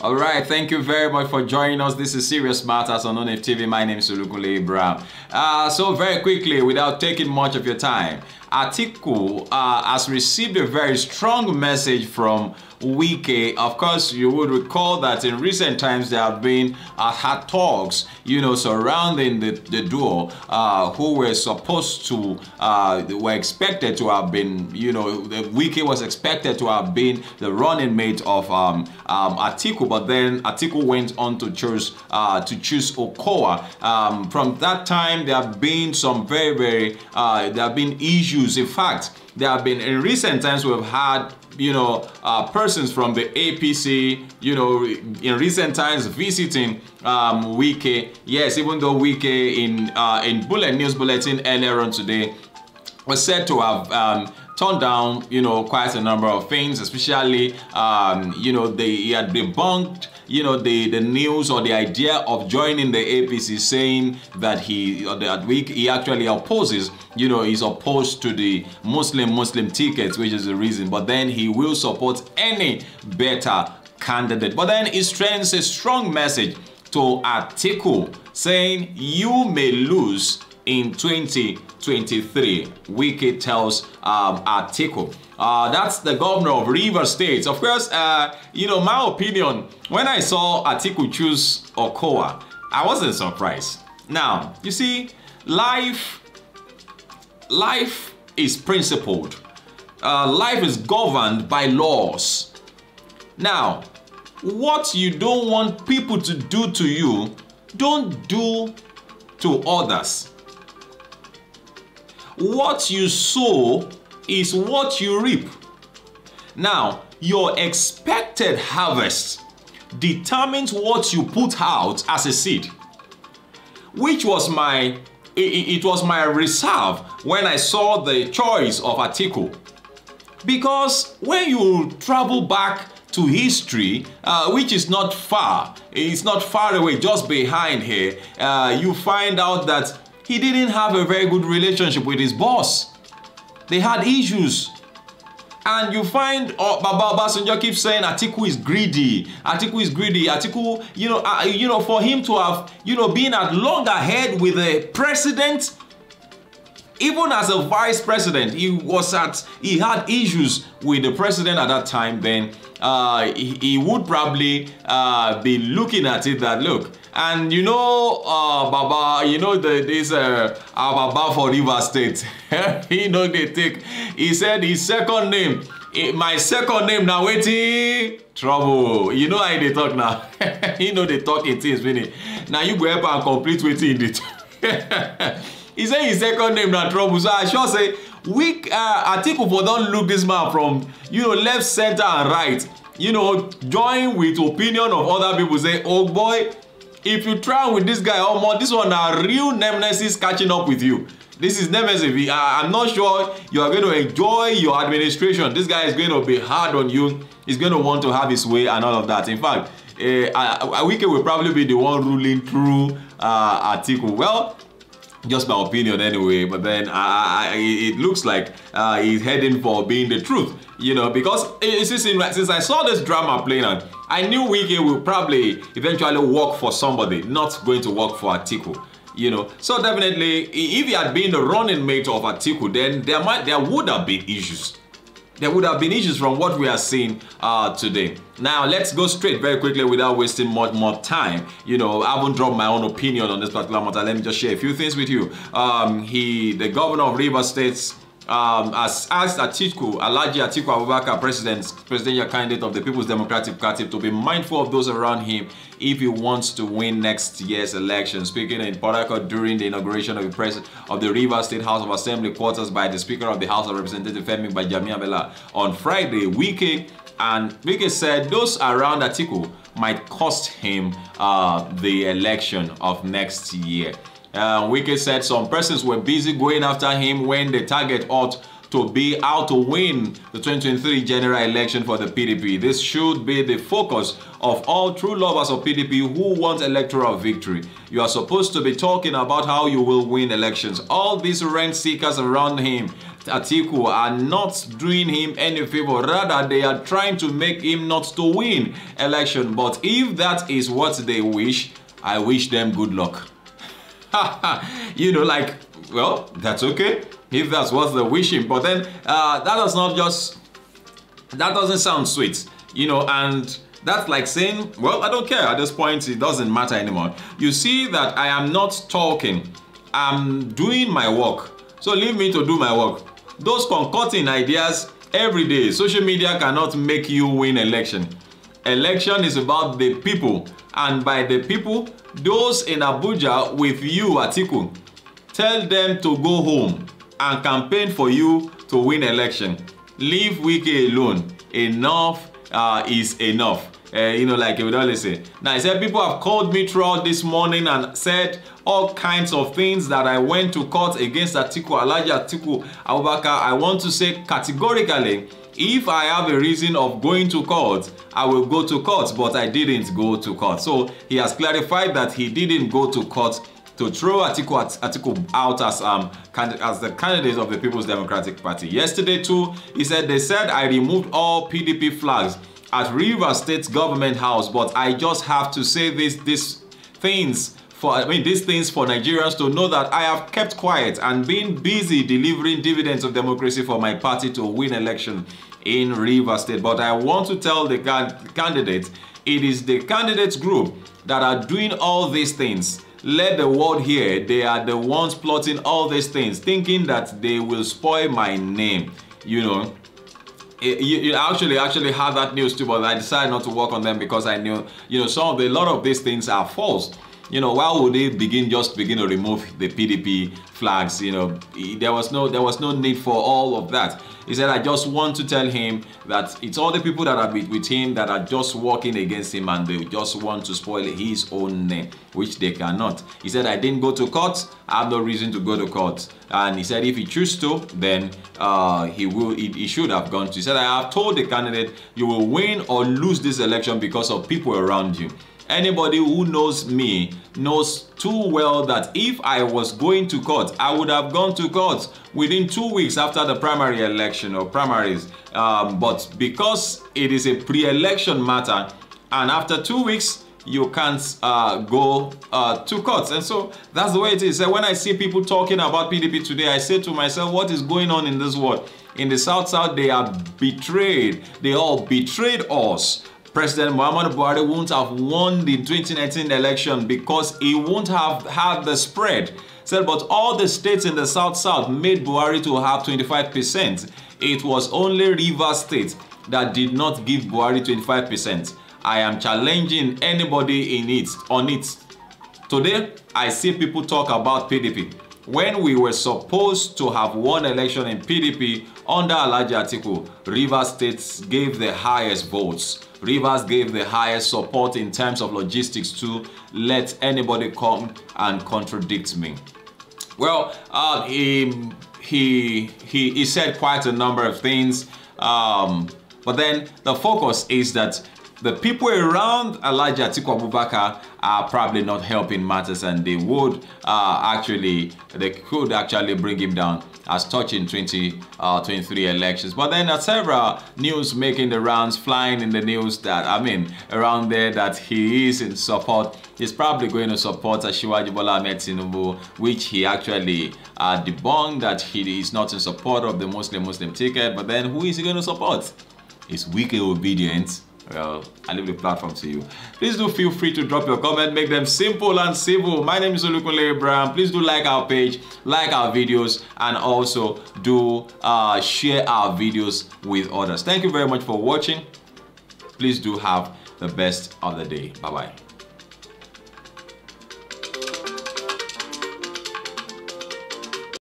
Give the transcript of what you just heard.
All right, thank you very much for joining us. This is Serious Matters on ONF TV. My name is Olukunle Ibrahim. Uh, so very quickly, without taking much of your time, Atiku uh, has received a very strong message from Wike. Of course, you would recall that in recent times there have been uh, hot talks, you know, surrounding the, the duo uh, who were supposed to, uh, were expected to have been, you know, Wike was expected to have been the running mate of um, um, Atiku, but then Atiku went on to choose, uh, to choose Okoa. Um, from that time, there have been some very, very, uh, there have been issues issues. In fact, there have been, in recent times, we've had you know, uh, persons from the APC, you know, in recent times visiting um, Wike. Yes, even though Wike in uh, in Bullet News Bulletin earlier on today was said to have um, turned down, you know, quite a number of things, especially, um, you know, they had debunked you know, the, the news or the idea of joining the APC saying that he that we, he actually opposes, you know, he's opposed to the Muslim-Muslim tickets, which is the reason. But then he will support any better candidate. But then he sends a strong message to Atiku saying you may lose in 2023, Wiki tells um, Atiku. Uh, that's the governor of Rivers State. Of course, uh, you know, my opinion, when I saw Atiku choose Okoa, I wasn't surprised. Now, you see, life, life is principled. Uh, life is governed by laws. Now, what you don't want people to do to you, don't do to others. What you sow is what you reap. Now, your expected harvest determines what you put out as a seed, which was my it, was my reserve when I saw the choice of article. Because when you travel back to history, uh, which is not far, it's not far away, just behind here, uh, you find out that he didn't have a very good relationship with his boss. They had issues. And you find oh, Baba Obasanjo keeps saying Atiku is greedy. Atiku is greedy. Atiku, you know, uh, you know, for him to have, you know, been at loggerhead with the president, even as a vice president, he was at, he had issues with the president at that time. Then uh, he, he, would probably uh, be looking at it that look, And you know, uh, Baba, you know, the, this uh, our Baba for River State, he know they take, he said his second name, it, eh, my second name now waiting trouble you know how they talk now He know they talk it is meaning now you go help and complete waiting he dey he said his second name na trouble so i sure say we. uh, think for don't look this man from you know left center and right you know join with opinion of other people say oh boy if you try with this guy omo oh, this one na uh, real nemesis catching up with you this is nemesis I, uh, i'm not sure you are going to enjoy your administration this guy is going to be hard on you he's going to want to have his way and all of that in fact eh, uh, Wike will probably be the one ruling through uh, Atiku well just my opinion anyway but then I, I, it looks like uh, he's heading for being the truth you know because since, since I saw this drama playing out I knew Wiki will probably eventually work for somebody not going to work for Atiku you know so definitely if he had been the running mate of Atiku then there might there would have been issues there would have been issues from what we are seeing uh, today. Now, let's go straight very quickly without wasting much more time. You know, I haven't dropped my own opinion on this particular matter. Let me just share a few things with you. Um, he, the governor of Rivers State, um, has asked Atiku, Alaji Atiku Abubakar, president, presidential candidate of the People's Democratic Party, to be mindful of those around him if he wants to win next year's election. Speaking in Port Harcourt during the inauguration of the president of the River State House of Assembly quarters by the Speaker of the House of Representatives, Femi Bajami Abela, on Friday, Wike and Wike said those around Atiku might cost him uh, the election of next year. Uh, Wike said some persons were busy going after him when the target ought to be out to win the 2023 general election for the PDP. This should be the focus of all true lovers of PDP who want electoral victory. You are supposed to be talking about how you will win elections. All these rent seekers around him, Atiku, are not doing him any favor. Rather, they are trying to make him not to win election. But if that is what they wish, I wish them good luck. you know, like, well, that's okay if that's what they're wishing. But then uh, that does not just, that doesn't sound sweet, you know, and that's like saying, well, I don't care at this point, it doesn't matter anymore. You see that I am not talking, I'm doing my work. So leave me to do my work. Those concocting ideas every day, social media cannot make you win election. Election is about the people and by the people, those in Abuja with you, Atiku. Tell them to go home and campaign for you to win election. Leave Wike alone. Enough uh, is enough. Uh, you know, like would always say. Now, I said, people have called me throughout this morning and said, all kinds of things that I went to court against Atiku Alhaji Atiku Abubakar. I want to say categorically, if I have a reason of going to court, I will go to court, but I didn't go to court. So he has clarified that he didn't go to court to throw Atiku, Atiku out as um as the candidate of the People's Democratic Party. Yesterday too, he said they said I removed all PDP flags at River State Government House, but I just have to say this this things for I mean these things for Nigerians to know that I have kept quiet and been busy delivering dividends of democracy for my party to win election in River State. But I want to tell the candidates, it is the candidates group that are doing all these things. Let the world hear they are the ones plotting all these things, thinking that they will spoil my name. You know, it, eh, you, you, actually actually had that news too, but I decided not to work on them because I knew, you know, some of the, a lot of these things are false you know, why would they begin just begin to remove the PDP flags? You know, there was no there was no need for all of that. He said, I just want to tell him that it's all the people that are with him that are just working against him and they just want to spoil his own name, which they cannot. He said, I didn't go to court. I have no reason to go to court. And he said, if he chooses to, then uh, he will. He, he should have gone to. He said, I have told the candidate, you will win or lose this election because of people around you. Anybody who knows me knows too well that if I was going to court, I would have gone to court within two weeks after the primary election or primaries. Um, but because it is a pre-election matter, and after two weeks, you can't uh, go uh, to court. And so that's the way it is. And when I see people talking about PDP today, I say to myself, what is going on in this world? In the South South, they are betrayed. They all betrayed us. President Muhammadu Buhari won't have won the 2019 election because he won't have had the spread. Said, but all the states in the South-South made Buhari to have 25%. It was only River State that did not give Buhari 25%. I am challenging anybody in it on it. Today, I see people talk about PDP. When we were supposed to have won election in PDP, under Alaji Atiku, Rivers State gave the highest votes. Rivers gave the highest support in terms of logistics to let anybody come and contradict me. Well, uh, he, he, he, he said quite a number of things. Um, but then the focus is that the people around Elijah Atiku Abubakar are probably not helping matters and they would uh, actually, they could actually bring him down as touching 2023 20, uh, elections. But then there are several news making the rounds, flying in the news that, I mean, around there that he is in support. He's probably going to support Ashiwaji Bola Ahmed which he actually uh, debunked that he is not in support of the Muslim-Muslim ticket. But then who is he going to support? His weaker obedient? well, I leave the platform to you. Please do feel free to drop your comment, make them simple and civil. My name is Olukunle Brown. Please do like our page, like our videos, and also do uh, share our videos with others. Thank you very much for watching. Please do have the best of the day. Bye-bye.